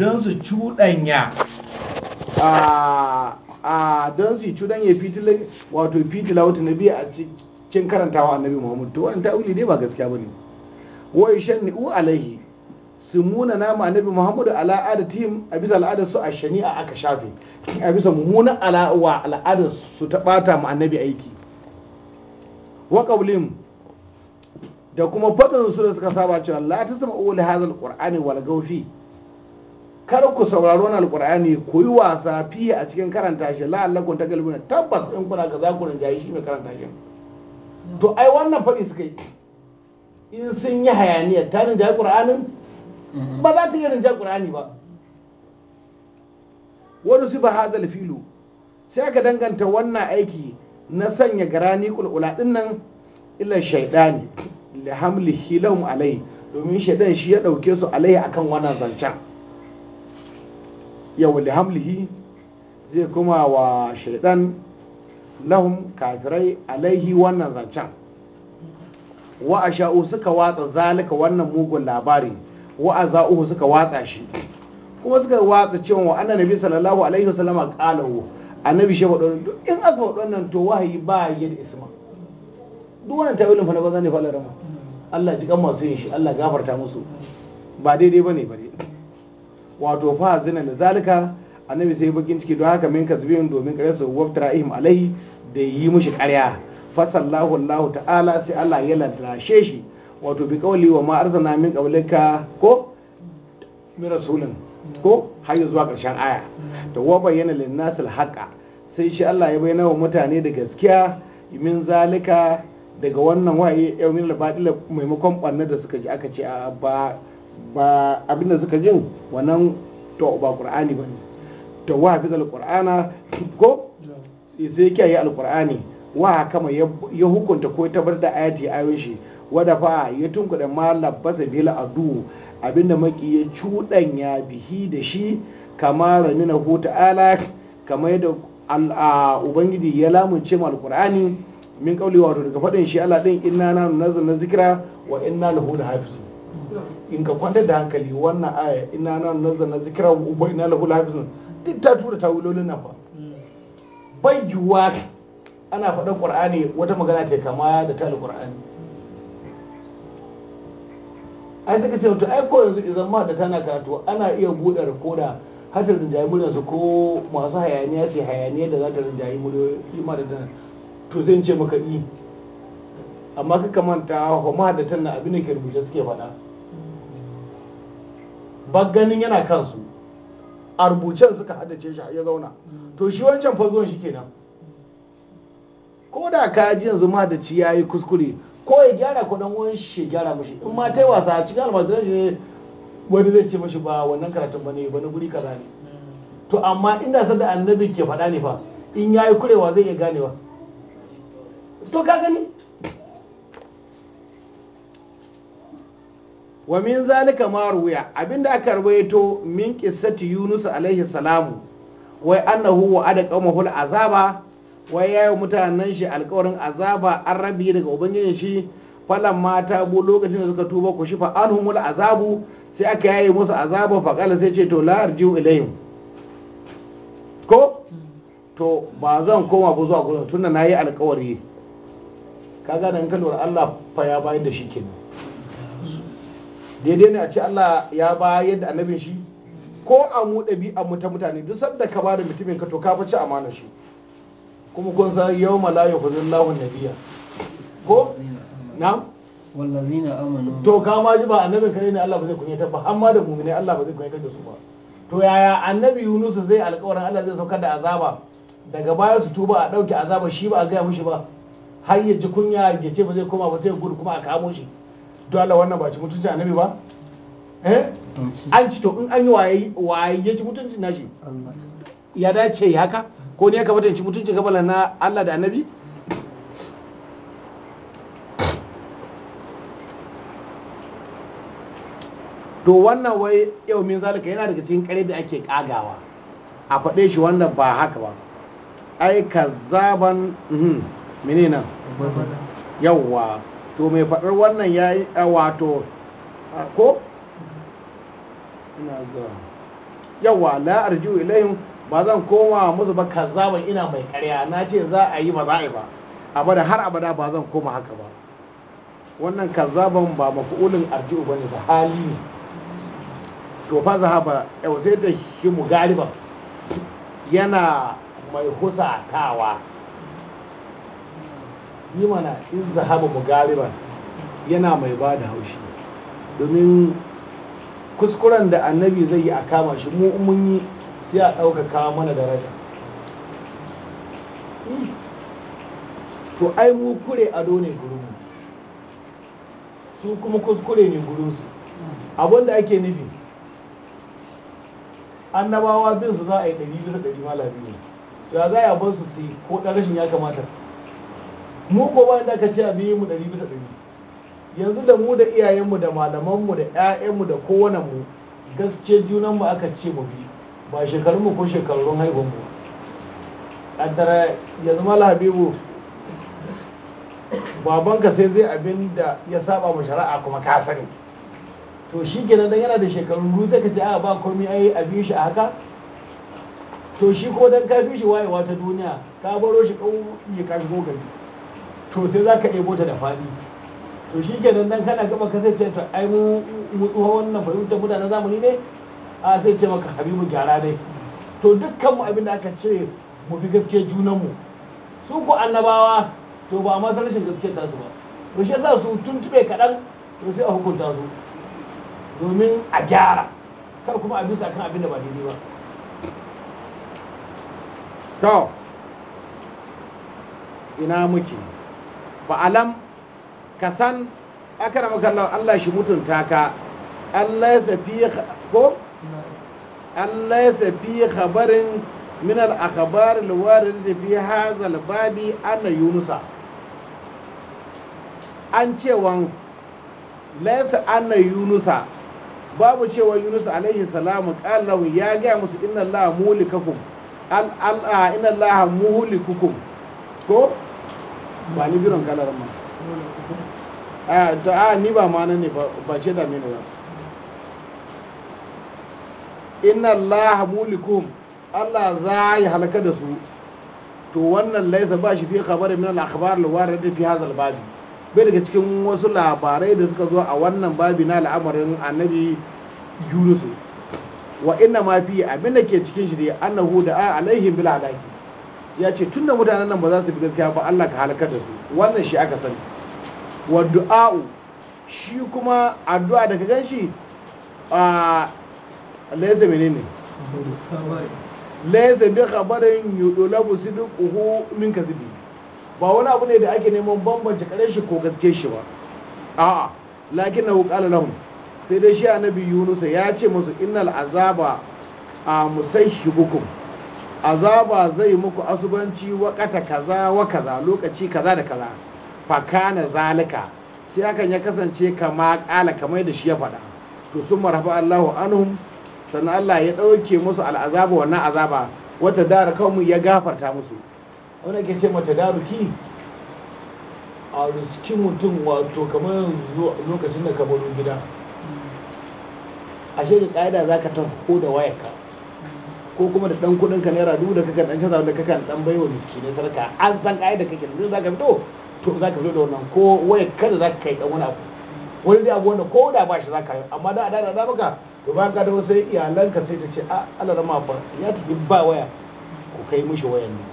don su cuɗanya a don su cuɗanya fitila wato fitila wata nabi a cikin karantawa annabi muhammadu to wannan ta'uli dai ba gaskiya bane wai ni'u alaihi su muna nama annabi Muhammadu ala adatihim a bisa al'adar su a shani'a aka shafe a bisa mummunan ala'uwa al'adar su ta bata ma annabi aiki wa qawlim da kuma faɗin su da suka saba cewa la tasma'u li hadha al-qur'ani wal gawfi kar ku saurari wani alkur'ani ku yi wasa fiye a cikin karanta shi la'allakun ta galibina tabbas in kuna ka za ku rinjaye shi mai karanta shi to ai wannan faɗi suka yi in sun yi hayaniyar ta rinjaye ƙur'anin mm-hmm. ba za ta yi rinjaye ƙur'ani ba wani su ba hazal filu sai aka danganta wannan aiki na sanya garani kulkula din nan illa shaidani li hamlihi alai domin shaidan shi ya ɗauke su alai akan wannan zancen yawa hamlihi zai kuma wa shaidan lahum kafirai alaihi wannan zancen wa a sha'u suka watsa zalika wannan mugun labari wa a za'uhu suka watsa shi kuma suka watsa cewa wa annan nabi sallallahu alaihi wasallam A annabi shi faɗo duk in aka faɗo wannan to wahayi ba ya da isma duk wannan ta'awilin fa na bazan ne fa Allah Allah ji kan masu yin shi Allah gafarta musu ba daidai bane ba wato fa zina da zalika annabi sai bakin ciki don haka min kasbihun domin kare su wabtara ihim alaihi da yi mushi karya fasallahu allahu ta'ala sai Allah ya lallashe shi wato bi kawali wa ma arzana min qablika ko min rasulin ko har zuwa karshen aya to wa bayyana lin nasil haqa sai shi Allah ya bayyana wa mutane da gaskiya min zalika daga wannan waye yau min labadila maimakon banna da suka ji aka ce a ba ba abinda suka jin wannan to ba qur'ani bane to wa zal qur'ana ko sai kiyaye alqur'ani wa kama ya hukunta ko bar da ayati ayoyin shi wada fa ya tunkuda ma basa bil adu abinda maki ya cudanya bihi da shi kama ramina hu ta'ala kama yadda ubangiji ya lamunce mu alqur'ani min kauli wato daga faɗin shi Allah din inna na nazzalna zikra wa inna lahu lahafizun in ka kwantar da hankali wannan aya ina nan nazar na zikira wa ina lahu lafizun duk ta tura ta wulolin nan fa bai yiwuwa ana faɗin ƙur'ani wata magana ta kama da ta alƙwar'ani ai suka ce to ai ko yanzu idan ma da tana karatu ana iya buɗe rikoda har ta rinjayi su ko masu hayaniya sai hayaniya da za ta rinjayi muryoyi ma da tana to zai ce maka yi amma ka kamanta homa da tana abin da ke rubuce suke faɗa ganin yana kansu a rubucen suka haddace shi ya zauna mm. to shi wancan fagon shi kenan ko da ka ji yanzu ma da ci yayi kuskure ko ya gyara ko don uwan shi gyara mishi in ma yi wasa a cikin almajiran shi wani zai ce mishi ba wannan karatun bane ba na guri kaza ne mm. to amma inda sanda annabi ke faɗa ne fa in yayi kurewa zai iya ganewa to ka gani wa min zalika ma ruya abinda aka rubaito min qissati yunus alaihi salamu wai annahu wa ada qaumahul azaba wai yayi mutanen shi alƙawarin azaba an rabi daga ubangijin shi falan mata bu lokacin da suka tuba ku shifa anhumul azabu sai aka yayi musu azaba faqala sai ce to la arju ilayhim ko to ba zan koma ba zuwa gurin tunda nayi alƙawari kaga dan kalwar Allah fa ya bayar da shi kenan daidai ne a ce Allah ya ba yadda annabin shi ko a mu ɗabi'a mu ta mutane duk sanda ka ba da mutumin ka to ka fi ci amanar shi kuma kun san yau mala ya hudun lahun nabiya ko na wallazina amanu to ka ma ji ba annabin ka ne Allah ba zai ta ba amma da mu'mini Allah ba zai kunyata da su ba to yaya annabi Yunus zai alƙawarin Allah zai saukar da azaba daga baya su tuba a ɗauke azaba shi ba a gaya mushi ba har ya ji kunya ya ce ba zai koma ba sai gudu kuma a kamo shi dole wannan ba ci mutunci annabi ba eh an ci to in an yi waye waye ya ci mutunci na shi ya dace ya haka ko ne ya kamata ya ci mutunci gabala na Allah da annabi to wannan wai yau min zalika yana daga cikin kare da ake kagawa a faɗe shi wannan ba haka ba ai mini mhm, menene yawwa to mai faɗar wannan ya yi wato ko ina zuwa yawa la ba zan koma musu ba kazzaban ina mai karya na ce za a yi ba a yi ba abada har abada ba zan koma haka ba wannan kazaban ba mafi'ulin arji'u bane ba hali ne to fa ba yau sai ta shi mu galiban yana mai husatawa yi mana in zahaba mugariban yana mai ba da haushi domin kuskuren da annabi zai yi a kama shi mu mun yi sai a ɗaukaka mana daraja to ai mu kure ado ne gurinmu su kuma kuskure ne gurinsu abinda ake nufi annabawa bin su za a yi ɗari bisa ɗari labi ne ya za a bar su su ko ɗan rashin ya kamata mu ko ba da ka ce a biyu mu ɗari bisa ɗari yanzu da mu da iyayenmu da malamanmu da 'ya'yanmu da kowane mu gaske mu aka ce mu bi ba shekarun mu ko shekarun haihuwanmu ƙaddara yanzu mala habibu babanka sai zai abin da ya saba mu shari'a kuma ka sani to shi kenan dan yana da shekarun ru zai ka ce a ba komai ai a biyu shi a haka to shi ko dan ka fi shi wayewa ta duniya ka baro shi ɗau ya ka shigo gari to sai za ka ɗebo ta da faɗi to shi ke nan dan kana gama ka ce to ai mu tsohon wannan fahimtar mutanen zamani ne a sai ce maka habibu gyara ne to dukkan mu abin da aka ce mu bi gaske junanmu su ku annabawa to ba ma san rashin gaske tasu ba to shi yasa su tube kaɗan to sai a hukunta su domin a gyara kar kuma a bisa kan abin da ba daidai ba to ina muke fa'alam ka san aka rama kallon Allah shi mutunta ka Allah ya safi ko Allah ya safi khabarin minar a khabarin luwarin da fi hazal babi ana yunusa an cewa laisa ana yunusa babu cewa yunus alaihi salamu qallahu ya gaya musu inna allaha mulikakum al inna allaha muhlikukum ko ba ni biron kalaran ma a to a ni ba ma ne ba ce da mini ba inna allaha mulikum allah za yi halaka da su to wannan laisa ba shi fi khabarin min al-akhbar al-warida fi hadha al-bab bai daga cikin wasu labarai da suka zo a wannan babi na al'amarin annabi yunusu wa inna ma fi abin da ke cikin shi dai annahu da alaihim bil alaki ya ce tun da mutanen nan ba za su bi gaskiya ba Allah ka halaka da su wannan shi aka sani wa du'a'u shi kuma addu'a daga gan shi a laisa menene laisa bi khabarin yudulabu sidquhu min kadhibi ba wani abu ne da ake neman bambance kare shi ko gaske shi ba a'a lakinnahu qala lahum sai dai shi annabi Yunus ya ce musu innal azaba a hukum. azaba zai muku asubanci wakata kaza wa kaza lokaci kaza da kaza fakana zalika sai hakan ya kasance kama kala kamar da shi ya faɗa to sun marhaba Allahu anhum sannan Allah ya ɗauke musu al'azaba wannan azaba wata dara kanmu ya gafarta musu wanda ke ce mata daruki a riski mutum wato kamar yanzu lokacin da ka baro gida ashe da ƙa'ida za ka tafi ko da ka? ko kuma da dan kudin ka naira dubu da kakan dan canza da kakan dan baiwa miskinai sarka an san kai da kake da zaka fito to zaka fito da wannan ko waya kada zaka kai dan wani abu wani dai abu wanda ko da ba shi zaka yi amma da adana da maka to bayan ka wasu sai ka sai ta ce a ah, Allah rama ba ya tafi ba waya ku kai mishi wayan ne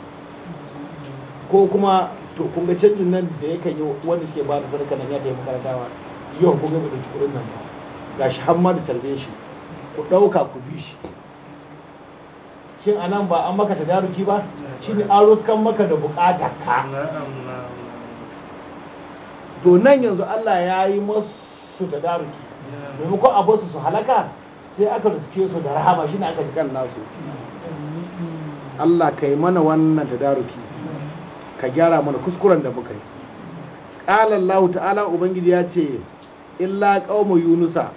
ko kuma to kun ga canjin nan da yake yi wanda suke ba da sarka nan ya tafi makarantawa yau kun ga ba da kudin nan ba gashi har ma da tarbe shi ku dauka ku bi shi shin nan ba an maka tadaruki ba shi ne an ruskan maka da bukatar ka donan yanzu Allah ya yi masu tadaruki maimakon a basu su halaka sai aka ruske su da rahama shi ne aka ji kan nasu Allah ka yi mana wannan tadaruki ka gyara mana kuskuren da muka yi ta'ala ubangiji ya ce illa ƙaumar yunusa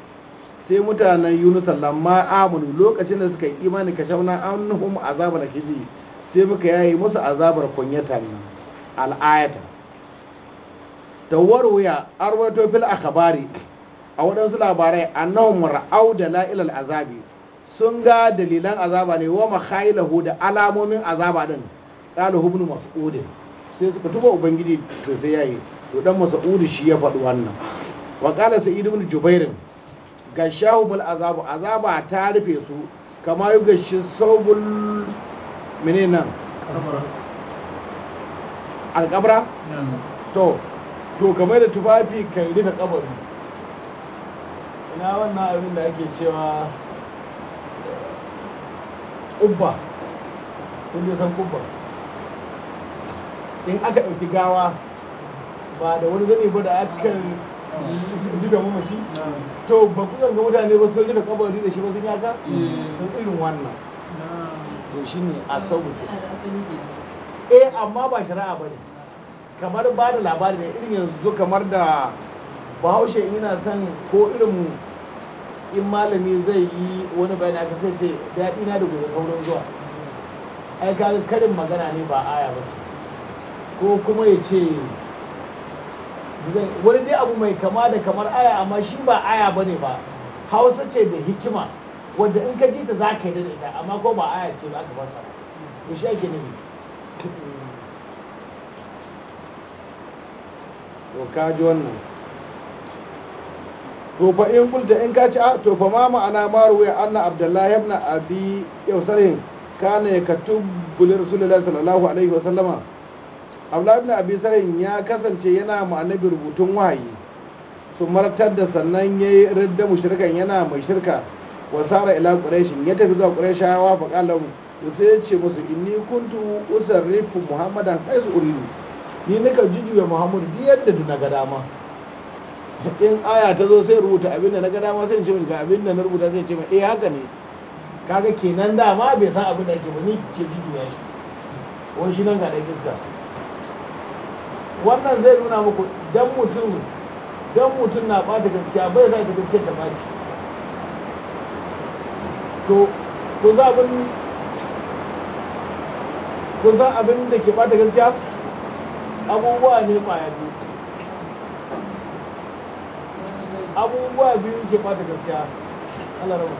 sai mutanen yunus lamma amunu lokacin da suka yi imani ka shauna annuhum azabar khizi sai muka yayi musu azabar kunyatan al'ayatan tawarwaya arwato fil akhbari a wadansu labarai annahum Mar'au da la'ilal azabi sun ga dalilan azaba ne wa makhailahu da alamomin azaba din qalu ibn mas'ud sai suka tuba ubangiji to sai yayi to dan mas'ud shi ya faɗi wannan wa qala sa'id ibn jubairin gashahumul azabu azaba ta rufe su kama yi gashi saubul mene nan alkabra to to kamar da tufafi kan rufe kabari ina wannan abin da ake cewa kubba kun san kubba in aka ɗauki gawa ba da wani zane ba da akan duka mamaci to ba ku zanga mutane ba sun duka kabari da shi ba sun yaka sun eh. irin wannan to shi ne a sauƙi eh amma ba shari'a ba ne kamar ba da labari ne irin yanzu kamar da bahaushe yana son ko irin in malami zai yi wani bayani aka sai ce daɗi na da gobe sauran zuwa ai karin magana ne ba aya ba ko kuma ya ce wani dai abu mai kama da kamar aya amma shi ba aya ba ne ba hausa ce da hikima wadda in ka ji ta za ka yi daidaita amma ko ba aya ce ba aka fasa ba shi ake nufi to ka ji wannan to fa in kulta in ka ci a to fa ma ma'ana ma ya anna abdullahi ibn abi yausarin kana yakatubu li rasulillahi sallallahu alaihi wa abdullahi ibn abi sarin ya kasance yana ma annabi rubutun wahayi su martar da sannan ya yi ridda mushrikan yana mai shirka wa sara ila quraishin ya tafi zuwa quraishawa fa qala sai ya ce musu inni kuntu usarrifu muhammadan haizu uridu ni nika jujuya muhammadu duk yadda na ga dama in aya ta zo sai rubuta abin da na ga dama sai ce ga abin da na rubuta sai ce mai eh haka ne kaga kenan dama bai san abin da ake ba ni ke jujuya shi wani shi nan ga dai iska wannan zai nuna muku dan mutum dan mutum na bata gaskiya bai sa ta gaskiya ta baci to ko za abin ko za abin da ke bata gaskiya abubuwa ne kwaya biyu abubuwa biyu ke bata gaskiya Allah rabu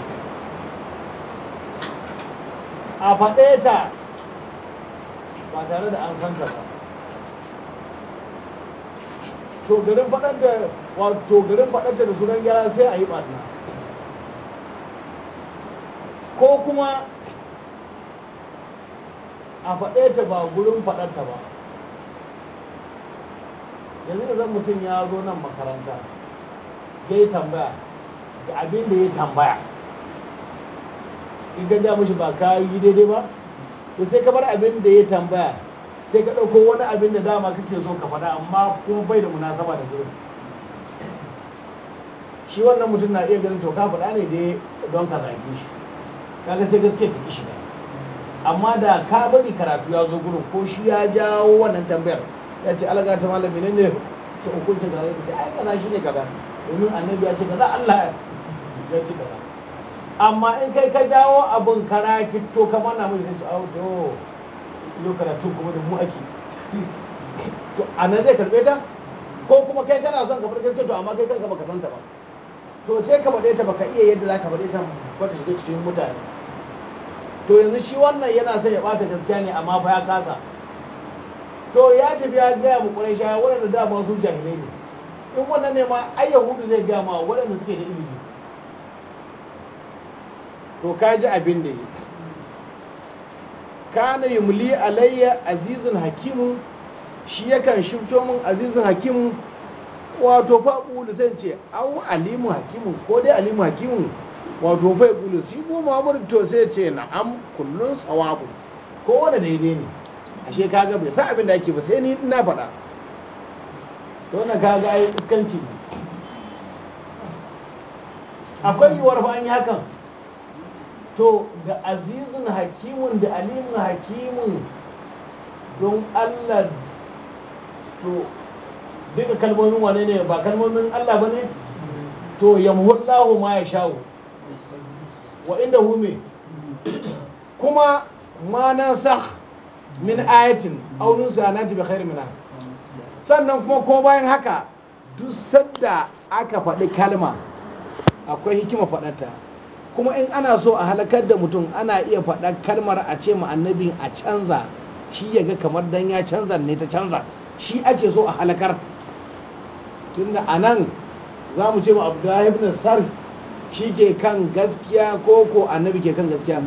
a faɗe ta ba tare da an santa ba Togarin faɗar da wato garin faɗar da sunan gyara sai a yi ɓarna ko kuma a faɗe ta ba gurin faɗar ta ba yanzu da zan mutum ya zo nan makaranta ya yi tambaya da abin da ya tambaya in ka ja mishi ba ka yi daidai ba to sai ka bar abin da ya tambaya sai ka ɗauko wani abin da dama kake so ka faɗa amma kuma bai da munasaba da gurin shi wannan mutum na iya ganin to ka faɗa ne dai don ka zage shi kaga sai gaske ta ki shiga amma da ka bari karatu ya zo gurin ko shi ya jawo wannan tambayar ya ce alaga ta malami ne ne ta hukunta ga zai ce ai kaza shi ne kaza domin annabi ya ce kaza Allah ya ce kaza amma in kai ka jawo abin kara kito kamar na mai sai ce auto yau karatu kuma da mu ake to a nan zai karɓe ta ko kuma kai kana son ka faɗi to amma kai kanka baka santa ba to sai ka faɗe ta baka iya yadda za ka faɗe ta ba ta shiga cikin mutane to yanzu shi wannan yana son ya ɓata gaskiya ne amma fa ya kasa to ya tafi ya gaya mu ƙwarai shaya waɗanda da ba su jahilai ne in wannan ne ma ai yahudu zai gaya ma waɗanda suke da ilimi to ka ji abin da ne. kana yumli alayya azizun hakimu shi yakan shifto min azizun hakimu wato fa ƙulu zan ce au alimu hakimu ko dai alimu hakimu wato fa ƙulu shi ko muhammadu to sai ce na'am kullun sawabu ko wanda daidai ne ashe kaga bai sa abin da ake ba sai ni ina faɗa to na kaga ai iskanci akwai yiwuwar fa hakan to da azizin hakimun da alimun hakimun don allah to duka kalmomin wane ne ba kalmomin allah ba ne to yamhullahu ma ya shawo wa inda hume kuma ma nan sah min ayatin aunin su anati bi khairu mina sannan kuma ko bayan haka duk sadda aka faɗi kalma akwai hikima faɗanta kuma in ana so a halakar da mutum ana iya faɗa kalmar a ce ma annabi a canza shi ya ga kamar dan ya canza ne ta canza shi ake so a halakar tunda a nan za mu ce ma abdullahi ibn sarf shi ke kan gaskiya ko ko annabi ke kan gaskiya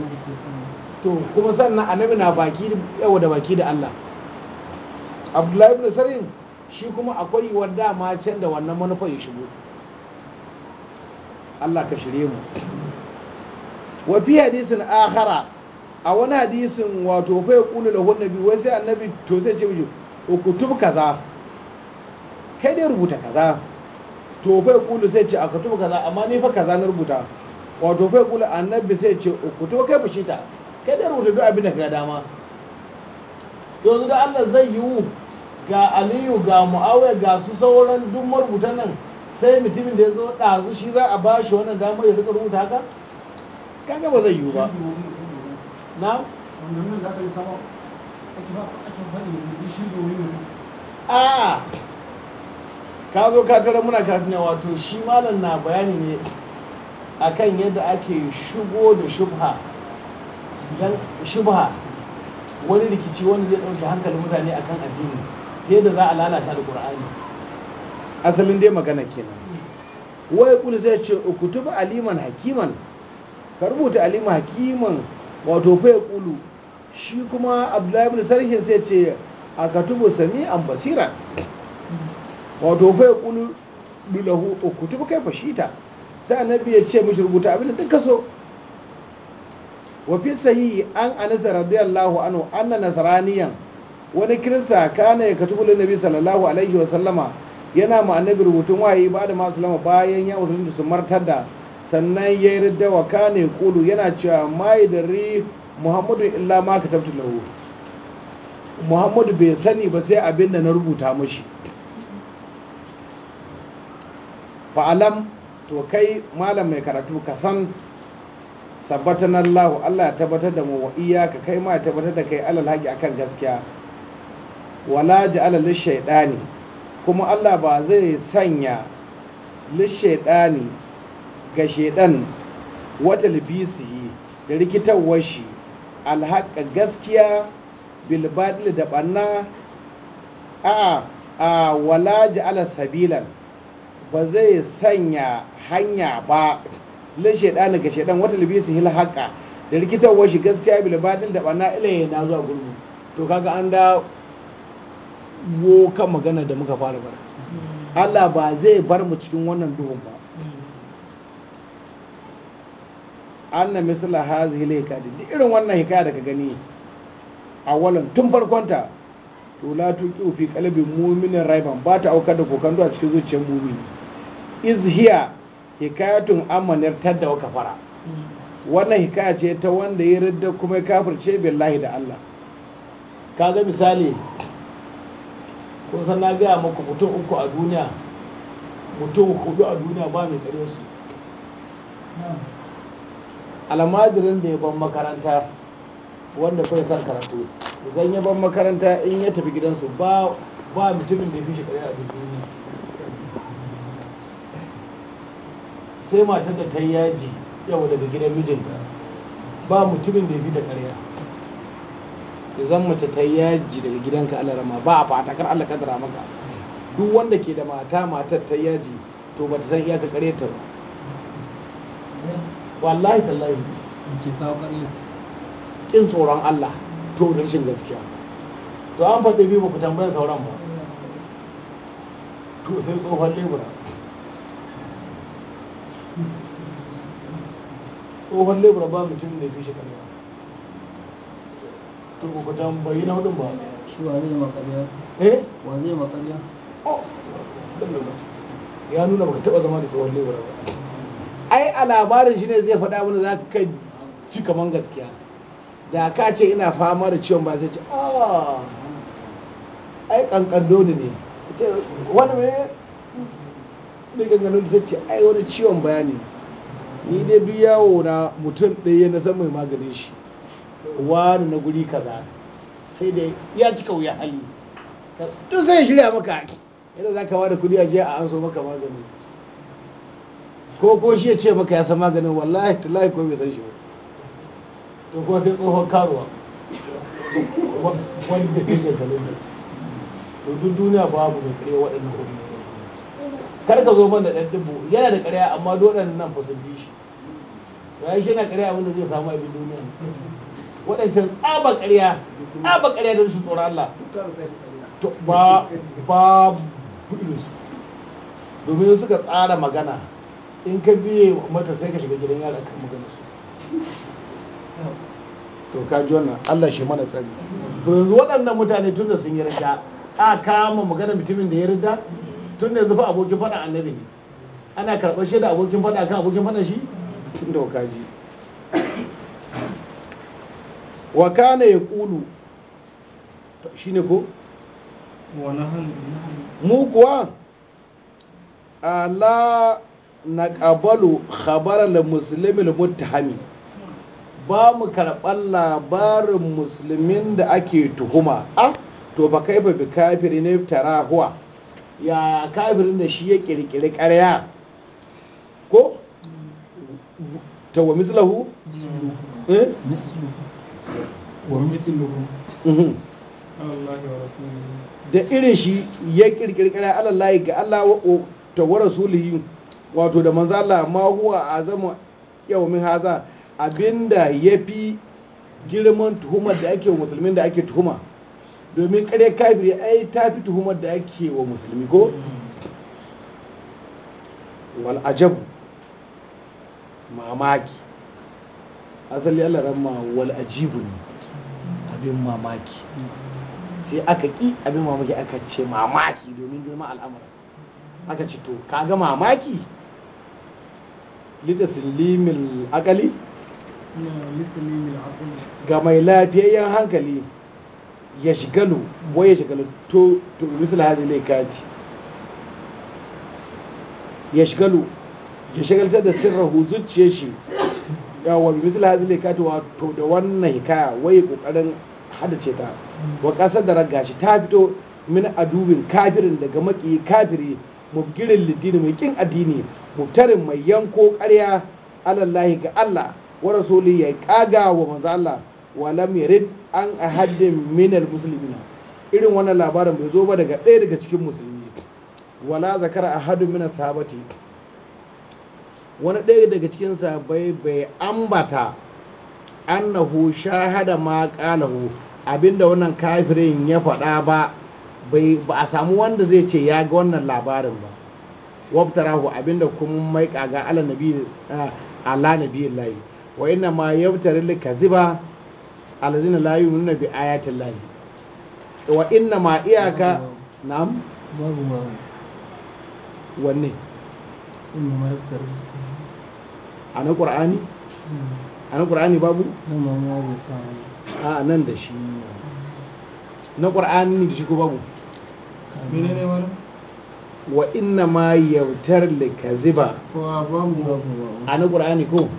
to kuma sannan annabi na baki yawa da baki da Allah abdullahi ibn sarf shi kuma akwai wadda dama can da wannan manufa ya shigo Allah ka shirye mu wa fi hadisin akhara a wani hadisin wato fa da wannan nabi wai sai annabi to sai ce miji ukutub kaza kai dai rubuta kaza to fa yaqulu sai ce akutub kaza amma ni fa kaza na rubuta wato fa yaqulu annabi sai ce ukutub kai fushita kai dai rubuta duk abin da ka dama yanzu da Allah zai yiwu ga Aliyu ga Muawiya ga su sauran duk marubutan nan sai mutumin da ya zo ɗazu shi za a bashi wannan damar ya rubuta haka kaga ba zai yiwu ba na a ka zo ka tara muna kafin wato shi malam na bayani ne akan yadda ake shigo da shubha wani rikici wani zai ɗauke hankalin mutane akan addini ta yadda za a lalata alƙur'ani asalin dai magana kenan wai kuli zai ce ukutuba aliman hakiman ka rubuta alima hakiman wato fai kulu shi kuma abdullahi ibn sarhin sai ce a katubu sami an basira wato fai kulu lahu ukutub kai fashita sai annabi ya ce mishi rubuta abin da duka so wa fi sahihi an anas radiyallahu anhu anna nasraniyan wani kirista kana ya katubu nabi sallallahu alaihi wa sallama yana ma annabi rubutun wahayi ba da ma bayan ya musulunta su martar da sannan ya yi ridda wa kane kulu yana cewa mai da ri muhammadu illa ma ka tabtu lahu muhammadu bai sani ba sai abin da na rubuta mashi fa'alam to kai malam mai karatu ka san na Allah Allah ya tabbatar da mu iyaka kai ma ya tabbatar da kai alal haƙi akan gaskiya wala ji ja'ala lishaydani kuma Allah ba zai sanya lishaydani ga shedan wata libisihi da rikitarwar shi alhaƙa gaskiya bilbadil da banna a a wala ala sabilan ba zai sanya hanya ba lin shaidani ga shaidan wata libisi hil da rikitarwar shi gaskiya bilbadil da ɓanna ilayen na zuwa gurbi to kaga an da wo kan magana da muka fara bara hmm. Allah ba zai bar mu cikin wannan duhun ba anna misla hazihi laikadi duk irin wannan hikaya da ka gani a walan tun farkonta to la tuqi fi qalbi mu'minin raiban ba ta aukar da kokan a cikin zuciyar mu'min iz hiya hikayatun amanar tadda wa kafara wannan hikaya ce ta wanda ya ridda kuma ya kafirce billahi da Allah kaga misali kun san na gaya muku mutum uku a duniya mutum hudu a duniya ba mai kare su almajirin da ya ban makaranta wanda kai san karatu idan ya ban makaranta in ya tafi gidansu ba ba mutumin da ya fi shi kare a duniya sai matar da ta yi yaji yau daga gidan mijinta ba mutumin da ya fi da kare idan mace ta yi yaji daga gidanka Allah rama ba a fata kar Allah kadara maka duk wanda ke da mata matar ta yaji to ba ta san iyaka kare ta ba wallahi tallahi ke kawo karni kin tsoron Allah to rashin gaskiya to an faɗi biyu ku tambayar sauran ba to sai tsohon lebura tsohon lebura ba mutum da fi shi ƙarya to ku tambayi na hudun ba shi wa zai makarya eh wa zai makarya oh, ya nuna baka taɓa zama da tsohon lebura ba ai a labarin shi ne zai faɗa mana za ka ci kaman gaskiya da ka ce ina fama da ciwon ba zai ce ah, ai kankando ne ne wani mai ne kankando ne zai ce ai wani ciwon bayani ni dai duk yawo na mutum ɗaya na san mai maganin shi wani na guri kaza sai da ya cika wuya hali duk sai shirya maka yadda za ka wada kudi a je a an so maka magani ko ko shi ya ce maka ya san maganin wallahi ta ko kowai san shi ba to kuma sai tsohon karuwa wanda take talenta to duk duniya babu mai kare waɗannan hudu kar ka zo banda ɗan dubu yana da ƙarya amma doɗan nan fa sun bi shi to shi yana ƙarya abinda zai samu abin duniya waɗancan tsaba ƙarya tsaba ƙarya don su tsoron Allah ba ba ba domin suka tsara magana in ka biye mata sai ka shiga gidan yara kan magana su to ka ji wannan Allah shi mana tsari to yanzu waɗannan mutane tun da sun yi rida a kama magana mutumin da ya rida tun da yanzu fa abokin faɗa annabi ne ana karɓar shi da abokin faɗa kan abokin faɗa shi da ka ji wa kana ya ƙulu shi ne ko mu kuwa Allah na ƙabalu khabarar musulmin hami. ba mu karɓar labarin musulmin da ake tuhuma a to ba kai bi kafiri ne tara huwa ya kafirin da shi ya ƙirƙiri ƙarya ko tawa mislahu mislahu da irin shi ya ƙirƙiri ƙarya alallahi ga Allah ta tawa rasulihi wato da manzo Allah ma huwa yau yawmin haza abinda yafi girman tuhumar da ake wa musulmin da ake tuhuma domin kare kafiri ai ta fi tuhumar da ake wa musulmi ko wal ajabu mamaki asali Allah ramma wal ajibu ne abin mamaki sai aka ki abin mamaki aka ce mamaki domin girman al'amura aka ce to kaga mamaki litaslimil akali ga mai lafiyayyen hankali ya shigalu wai ya shigalu to to misali hajji ne kati ya shigalu ya shagaltar da sirrahu zuciya shi wani misali hajji ne kati wato da wannan hikaya wai kokarin hadace ta wa kasar da ragashi ta fito min adubin kafirin daga maki kafiri mubgirin lidini mai kin addini mubtarin mai yanko ƙarya alallahi ga Allah wa rasuli ya kaga wa manzo Allah wa lam yarid an ahadin minal muslimina irin wannan labarin bai zo ba daga ɗaya daga cikin musulmi wala zakara ahadin min sahabati wani ɗaya daga cikin sahabbai bai ambata annahu shahada ma qalahu abinda wannan kafirin ya faɗa ba ba a samu wanda zai ce ya ga wannan labarin ba wabtarahu abinda kuma mai kaga ala nabi ala nabi lahi wa inna ma yabtari li kaziba alladhina la yu'minuna bi ayati lahi wa inna ma iyaka na'am babu ma wanne inna ma yabtari a na qur'ani hmm. a na qur'ani babu nan ma babu sa'a a nan da shi na qur'ani da shi ko babu menene wani wa inna ma yautar likaziba a na ƙura'ani ko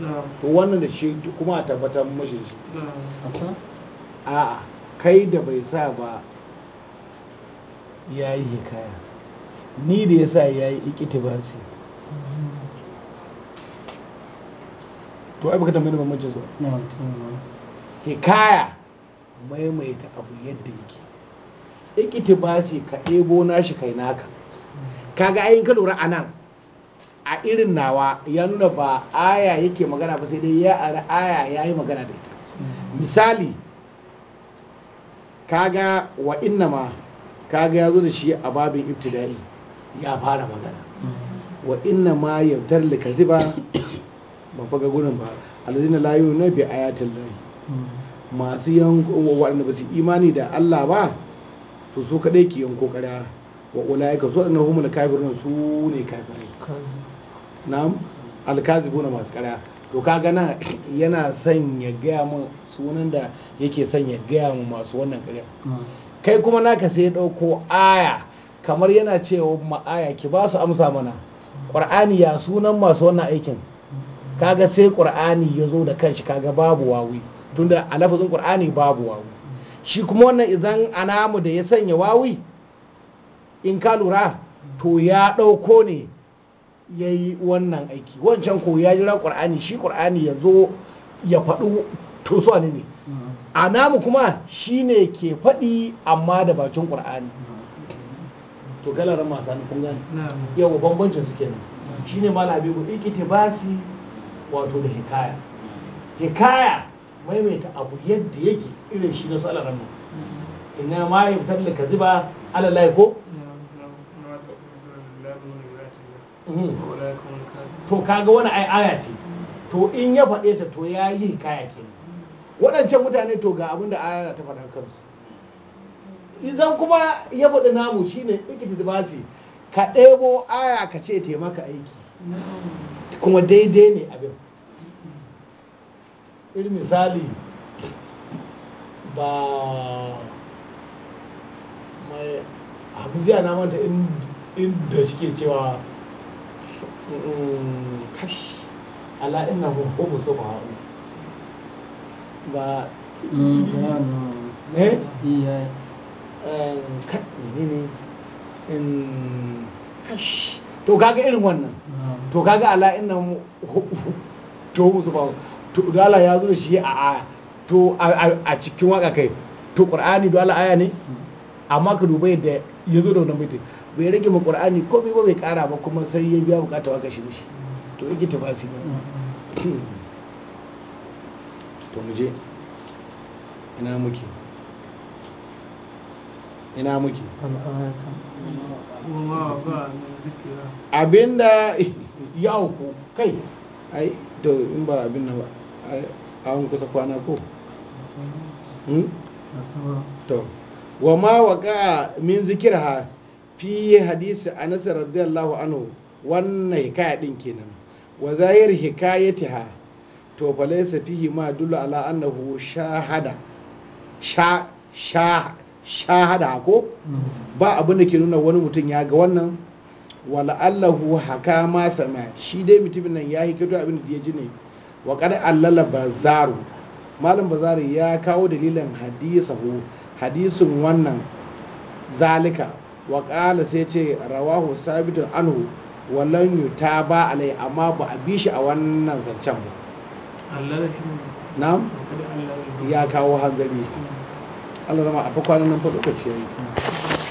to wannan da shi kuma a tabbatar mashi shi a kai da bai sa ba ya yi hikaya ni da ya sa ya yi ikiti ba su to ai baka tambayi ba mace zuwa hikaya maimaita abu yadda yake ba ikitibasi ka ɗebo nashi kai naka kaga ayin ka lura a nan a irin nawa ya nuna ba aya yake magana ba sai dai ya ara aya ya yi magana da ita misali kaga wa inna ma kaga ya zo da shi a babin ibtida'i ya fara magana wa inna ma yautar likaziba ba faga gurin ba alazina layu na bi ayatin layi masu yan waɗanda ba su imani da Allah ba to su kadai ke yin ƙarya wa ulaika su waɗannan humul kafirun su ne kafirai na'am na masu ƙarya to ka gana yana son ya gaya mu sunan da yake son ya gaya mu masu wannan ƙarya hmm. kai kuma naka sai ɗauko aya kamar yana cewa ma aya ki ba su amsa mana ƙur'ani ya sunan masu wannan aikin hmm. kaga sai ƙur'ani ya zo da kanshi kaga babu wawi tunda a lafazin ƙur'ani babu wawi shi kuma wannan izan anamu da ya sanya wawi in ka lura to ya ɗauko ne ya yi wannan aiki wancan ko ya jira ƙur'ani shi ƙur'ani ya zo ya faɗo to ne ne mm-hmm. anamu kuma shi ne ke faɗi amma da bakin ƙur'ani mm-hmm. to galaran masu hannun kun gane yawa bambancin su Shi ne malabi ku su wato da hikaya hikaya maimaita abu yadda yake irin shi na tsala inna ma fitar da ka ziba alalai ko mm-hmm. to kaga wani ai aya ce to in ya faɗe ta to ya yi kaya waɗancan mutane to ga abin da aya ta faɗa kansu idan kuma ya faɗi namu shine ikiti da basi ka ɗebo aya ka ce taimaka aiki mm-hmm. kuma daidai ne abin iri misali ba mai abu zai na manta inda shi ke cewa mm, kashi ala ina hun hobo so ba haɗu ba ne? iya ne ne kashi to kaga irin wannan to kaga ala ina hun hobo so ba to dala ya zo shi a aya to a cikin waka kai to qur'ani dala aya ne amma ka duba yadda ya zo da wannan baitin bai rage ma qur'ani ko bai bai kara ba kuma sai ya biya bukata waka shi shi to yake tafasi ne to mu je ina muke ina muke abinda ya kai ai to in ba abin nan ba an kusa kwana ko hmm? to wa ma waƙa min zikirha fi hadisi anas radiyallahu anhu wannan hikaya din kenan wa zahir hikayatiha to fa laysa fihi ma dulla ala annahu shahada sha sha shahada ko hmm. ba abin da ke nuna wani mutum ya ga wannan wala allahu haka ma sama shi dai mutumin nan ya hikato abin da ya ji ne wa kare allala bazaru malam bazaru ya kawo dalilin hadisahu hadisin wannan zalika wa kala sai ce rawahu sabitun anhu walan yuta ba alai amma ba a bi shi a wannan zancen ba na'am ya kawo hanzari Allah zama a fa kwanan nan fa lokaci yayi